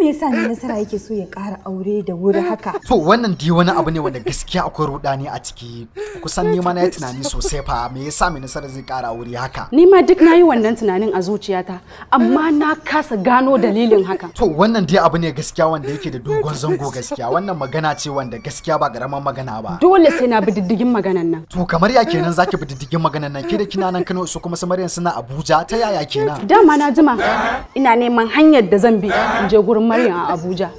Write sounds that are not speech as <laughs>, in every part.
me yasa ne nasara yake so ya kara aure da wuri haka to wannan dai wani abu ne wanda gaskiya akwai rudani a ciki kusan nima na yi tunani sosai fa me yasa me nasara zai kara aure haka ni ma duk nayi wannan tunanin a zuciyata amma na kasa gano dalilin haka to wannan dai abu ne gaskiya wanda yake da dogon zango gaskiya wannan magana ce wanda gaskiya ba garaman magana ba dole sai na bi diddigin maganan nan to kamar ya kenan zaki bi diddigin maganan nan ke da kina nan Kano su kuma Samariyan suna Abuja ta yaya kenan dama na jima ina neman hanyar da zan bi in je gurin Maryam a Abuja.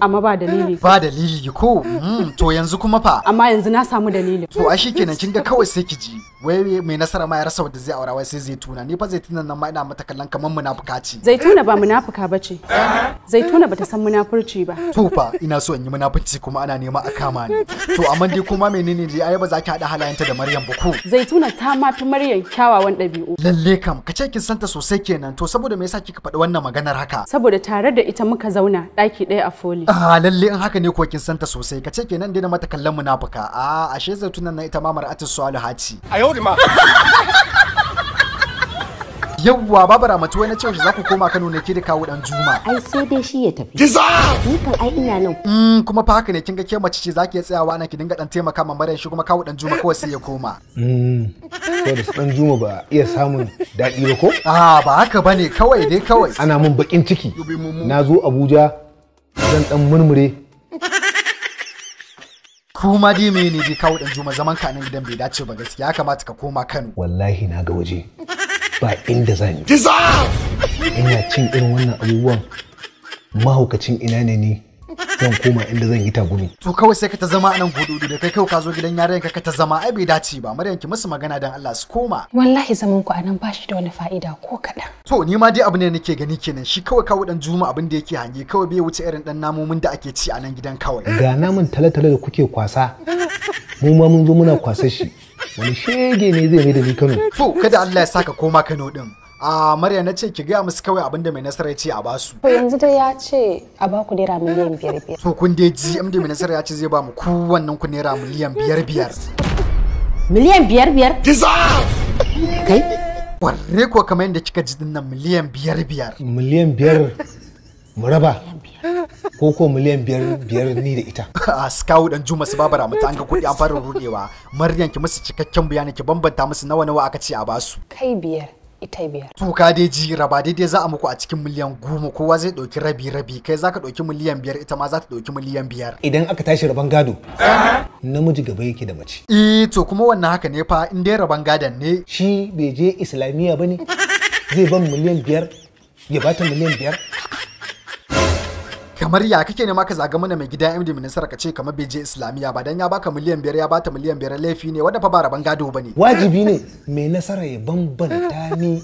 Amma ba dalili. Ba dalili ko? Hmm, to yanzu kuma fa. Amma yanzu na samu dalili. To a kenan kin ga kawai sai ki ji. Wai mai nasara ma ya rasa wanda zai aura wai sai tuna Ni fa tuna nan ma ina mata kallon kamar munafuka ce. Zaituna ba munafuka bace. Zaituna bata san munafurci ba. To fa ina so in yi munafurci kuma ana nema a kama ni. To amma dai kuma menene dai ai ba za ki hada halayenta da Maryam ba ko? Zaituna ta ma fi Maryam kyawawan ɗabi'u. Lalle kam ka ce kin santa sosai kenan to saboda me yasa kika faɗi wannan maganar haka? Saboda tare da ita ita muka zauna ɗaki ɗaya a foli. Ah lalle in haka ne ko kin santa sosai kace kenan dai na mata kallon munafuka. Ah ashe zaitunan nan ita ma mar'atu su hati. A yau ma. <laughs> yawwa babu ramatu wai na ce shi za ku koma Kano ne ke da kawo dan Juma ai sai dai shi ya tafi kisa ni kan ai ina nan mm kuma fa haka ne kin ga ke mace ce zaki iya tsayawa ana ki dinga dan taimaka ma Maryam shi kuma kawo dan Juma kawai sai ya koma mm ko da dan Juma ba iya samun daɗi ba ko ah ba haka bane kawai dai kawai ana mun bakin ciki na zo Abuja zan dan murmure kuma dai mene ne kawo dan juma zaman ka nan gidan bai dace ba gaskiya ya kamata ka koma Kano wallahi na ga waje ba inda zan yi ina cin irin wannan abubuwan mahaukacin ina ne ni zan koma inda zan yi tagumi to kawai sai ka ta zama anan gududu da kai kawai ka zo gidan yaran ka ta zama ai bai dace ba maryam ki musu magana dan Allah su koma wallahi zaman ku anan bashi da wani fa'ida ko kaɗan. to ni ma dai abu ne nake gani kenan shi kawai kawo dan juma abin da yake hange kawai bai wuce irin dan namomin da ake ci anan gidan kawai ga namun talatala da kuke kwasa mu ma mun zo muna kwasa shi wani shege ne zai mai da ni Kano to kada Allah ya saka koma Kano din a Maryam na ce ki gaya musu kawai abin da mai nasara ya ce a basu to yanzu dai ya ce a ba ku naira miliyan biyar biyar to kun dai ji da mai nasara ya ce zai ba mu ku wannan ku naira miliyan biyar biyar miliyan biyar biyar kai Warre ko kamar yadda kika ji dinnan miliyan biyar biyar miliyan biyar mu raba ko ko miliyan biyar biyar ni da ita a skawu dan juma su babara mata an ga kuɗi an fara rudewa maryan ki musu cikakken bayani ki bambanta musu nawa nawa aka ce a basu kai biyar ita biyar to dai ji raba dai dai za a muku a cikin miliyan goma kowa zai dauki rabi rabi kai zaka dauki miliyan biyar ita ma za ta ɗauki miliyan biyar idan aka tashi raban gado namiji gaba yake da mace eh to kuma wannan haka ne fa in dai raban gadon ne shi bai je islamiyya bane zai ban miliyan biyar ya bata miliyan biyar kamar ya kake ne ka zaga mana mai gida MD Minisar ka ce kamar bai je Islamiya ba dan ya baka miliyan biyar ya bata miliyan biyar laifi ne wanda fa ba rabon gado ba bane wajibi ne mai nasara ya bambanta ni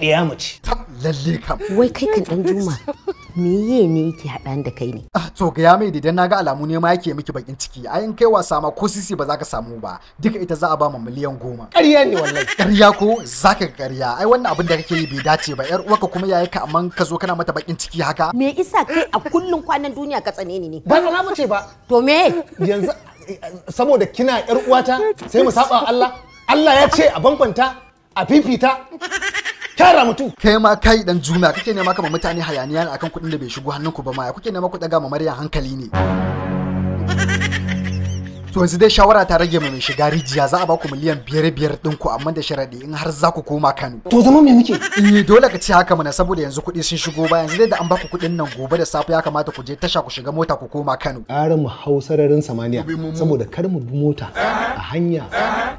Ɗaya mace. Lalle kam. Wai kai kan dan juma. Meye ne yake haɗan da kai ne? Ah, to gaya mai idan na ga alamu ne ma yake miki bakin ciki. A in kai wasa ma ko sisi ba za ka samu ba. Duka ita za a ba mu miliyan goma. Ƙarya ne wallahi. Ƙarya ko za ka ƙarya. Ai wannan abin da kake yi bai dace ba. Yar uwarka kuma yayi ka amman ka zo kana mata bakin ciki haka. Me isa kai a kullun kwanan duniya ka tsane ni ne? Ba za mu ce ba. To me? Yanzu saboda kina yar uwata sai mu saba Allah. Allah ya ce a bankwanta a fifita Kyara mutu kai ma kai dan juma kake nema kama mutane hayaniya akan kuɗin da bai shigo hannunku ba ma kuke nema ku daga ma maryam hankali ne to yanzu dai shawara ta rage mai shiga rijiya za a baku miliyan biyar biyar ku amma da sharaɗi in har za ku koma Kano. To zama me muke? Eh dole ka ce haka mana saboda yanzu kuɗi sun shigo ba yanzu dai da an baku kuɗin nan gobe da safe ya kamata ku je tasha ku shiga mota ku koma Kano. Ƙara mu hau sararin samaniya saboda kar mu bi mota a hanya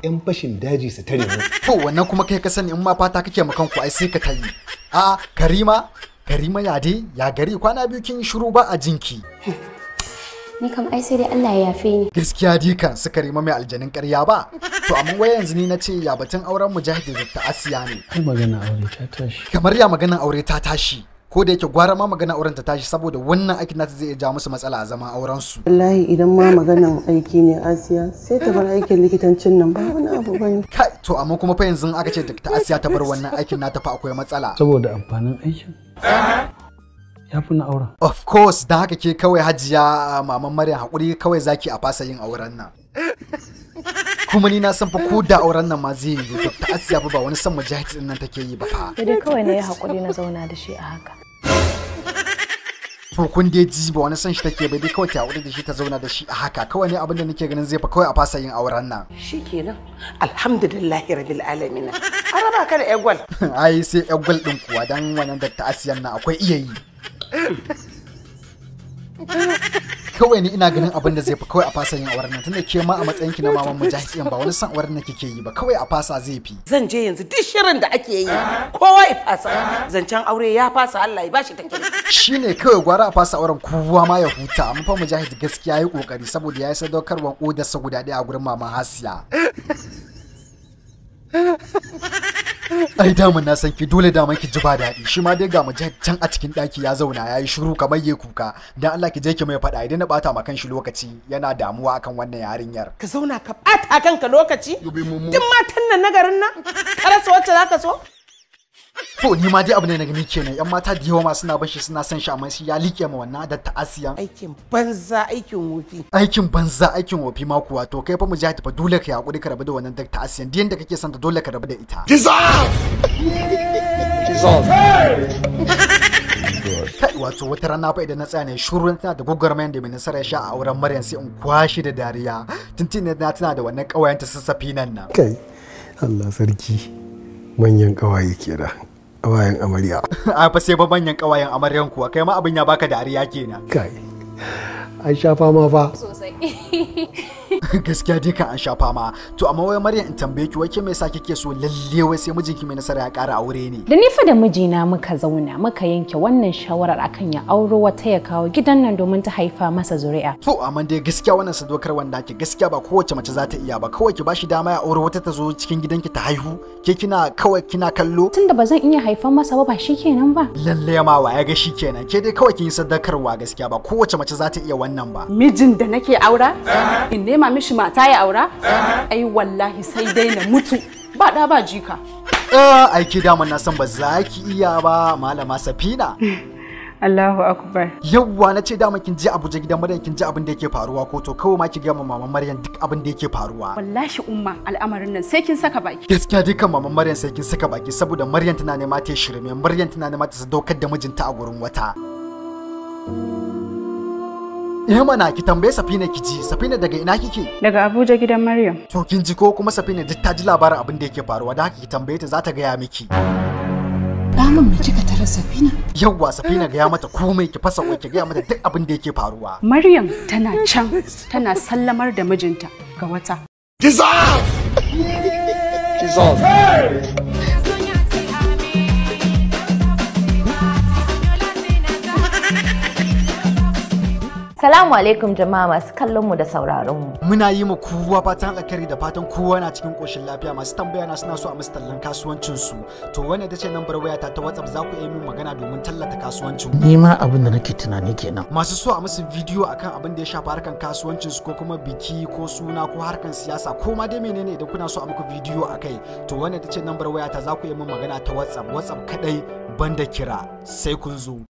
'yan fashin daji su tare mu. To wannan kuma kai ka sani in ma fata kake ma kanku ai sai ka tayi. A Karima Karima ya ya gari kwana biyu kin shiru ba a jinki. ni kam ai sai dai Allah ya yafe ni gaskiya dai kan suka rima mai aljanin ƙarya ba to amma wai yanzu ni nace ce ya batun auren mujahid da asiya ne kai magana aure ta tashi kamar ya magana aure ta tashi ko da yake gwara ma magana auren ta tashi saboda wannan aikin nata zai ja musu matsala a zaman auren su wallahi idan ma magana aiki ne asiya sai ta bar aikin likitancin nan ba wani abu bane kai to amma kuma fa yanzu aka ce ta asiya ta bar wannan aikin nata fa akwai matsala saboda amfanin aikin ya fi na auren. Of course, da haka ke kawai hajiya maman Maryam haƙuri kawai zaki a fasa yin auren nan. Kuma ni na san fa ko da auren nan ma zai yi duk ta Asiya ba wani san mujahid din nan take yi ba fa. Dai kawai na yi haƙuri na zauna da shi a haka. To kun dai ji ba wani san shi take ba dai kawai ta haƙuri da shi ta zauna da shi a haka kawai ne abin da nake ganin zai fa kawai a fasa yin auren nan. Shikenan. Alhamdulillahi rabbil alamin. Araba ka da egwal. <laughs> Ai sai egwal din kuwa dan wannan da ta Asiyan nan akwai iyayi. kawai ni ina ganin abin da zai fi kawai a fasa yin awar nan tunda ke ma a matsayin ki na maman mujahid ba wani san awar nan kike yi ba kawai a fasa zai fi zan je yanzu duk shirin da ake yi kowa ya fasa zancen aure ya fasa Allah ya bashi take shine kawai gwara a fasa auren kowa ma ya huta amma fa mujahid gaskiya ya yi kokari saboda ya yi yayi sadaukarwan sa guda ɗaya a gurin mama Hasiya ai damun na san ki dole daman ki ji ba daɗi shi ma dai ga mu can a cikin ɗaki ya zauna ya yi shiru kamar ya kuka dan Allah ki je ki mai faɗa idan na bata ma kanshi lokaci yana damuwa akan wannan yarinyar ka zauna ka ɓata kanka lokaci duk matan nan na garin nan ka rasa wacce ka so to ni ma dai abu ne na gani kenan yan mata da yawa suna bashi suna son shi amma shi ya like ma wannan da ta'asiyan aikin banza aikin wofi aikin banza aikin wofi ma kuwa to kai fa mu ji fa dole ka yakuri ka rabu da wannan da ta'asiyan din da kake son ta dole ka rabu da ita kai wato wata rana fa idan na tsaya ne shurun tana da gwagwarmayar da mai nasara ya sha a auren maryam sai in kwashi da dariya tuntun na tana da wannan kawayenta sassafi nan na kai Allah sarki manyan kawaye kira kawayan amarya <laughs> a fa sai babanyan kawayan amaryan kuwa kai ma abin ya baka da kenan kai an sha fama fa sosai <laughs> <laughs> gaskiya dai ka an shafa ma to amma wai maryam in tambaye ki wai ke me yasa kike so lalle wai sai mijinki mai nasara ya ƙara aure ne da ni fa da mijina muka zauna muka yanke wannan shawarar akan ya auro wata ya kawo gidan nan domin ta haifa masa zuri'a to amma dai gaskiya wannan sadaukar wanda ke gaskiya ba kowace mace za ta iya ba kawai ki bashi dama ya auro wata ta zo cikin gidanki ta haihu ke kina kawai kina kallo tunda ba zan iya haifan masa ba ba shikenan ba lalle ma wa ya ga shikenan ke dai kawai kin sadaukarwa gaskiya ba kowace mace za ta iya wannan ba mijin da nake aura eh. in ne nema mishi mata ya aura eh. ai wallahi sai dai na mutu ba da ba jika eh, ai ke da na san ba za ki iya ba malama safina Allahu akbar. Yawwa na ce dama kin je Abuja gidan Maryam kin ji abin da yake faruwa ko to kawai ma ki ga mama Maryam duk abin da yake faruwa. Wallahi umma al'amarin nan sai kin saka baki. Gaskiya dai kan maman Maryam sai kin saka baki saboda Maryam tana nema ta shirme Maryam tana nema ta sadaukar da mijinta a gurin wata. Eh mana ki tambaye Safina ki ji. Safina daga ina kike? Daga Abuja gidan Maryam. To kin ji ko kuma Safina duk ta ji labarin abin da yake faruwa da haka ki tambaye ta za ta gaya miki. Ramin me kika tara Safina? Yawwa Safina gaya mata komai ki fasa ki gaya mata duk abin da yake faruwa. Maryam tana can tana sallamar da mijinta ga wata. Jesus! Jesus! Assalamu alaikum jama'a masu kallon mu da sauraron mu. Muna yi ma kowa fatan alkhairi da fatan kowa na cikin koshin lafiya masu tambaya na suna so a musu tallan kasuwancin su. To wani da ce number wayata ta WhatsApp za ku yi min magana domin tallata kasuwancin ku. Ni ma abin da nake tunani kenan. Masu so a musu bidiyo akan abin da ya shafi harkan kasuwancin su ko kuma biki ko suna ko harkan siyasa ko ma dai menene idan kuna so a muku bidiyo akai. To wani da ce waya wayata za ku yi min magana ta WhatsApp WhatsApp kadai banda kira sai kun zo.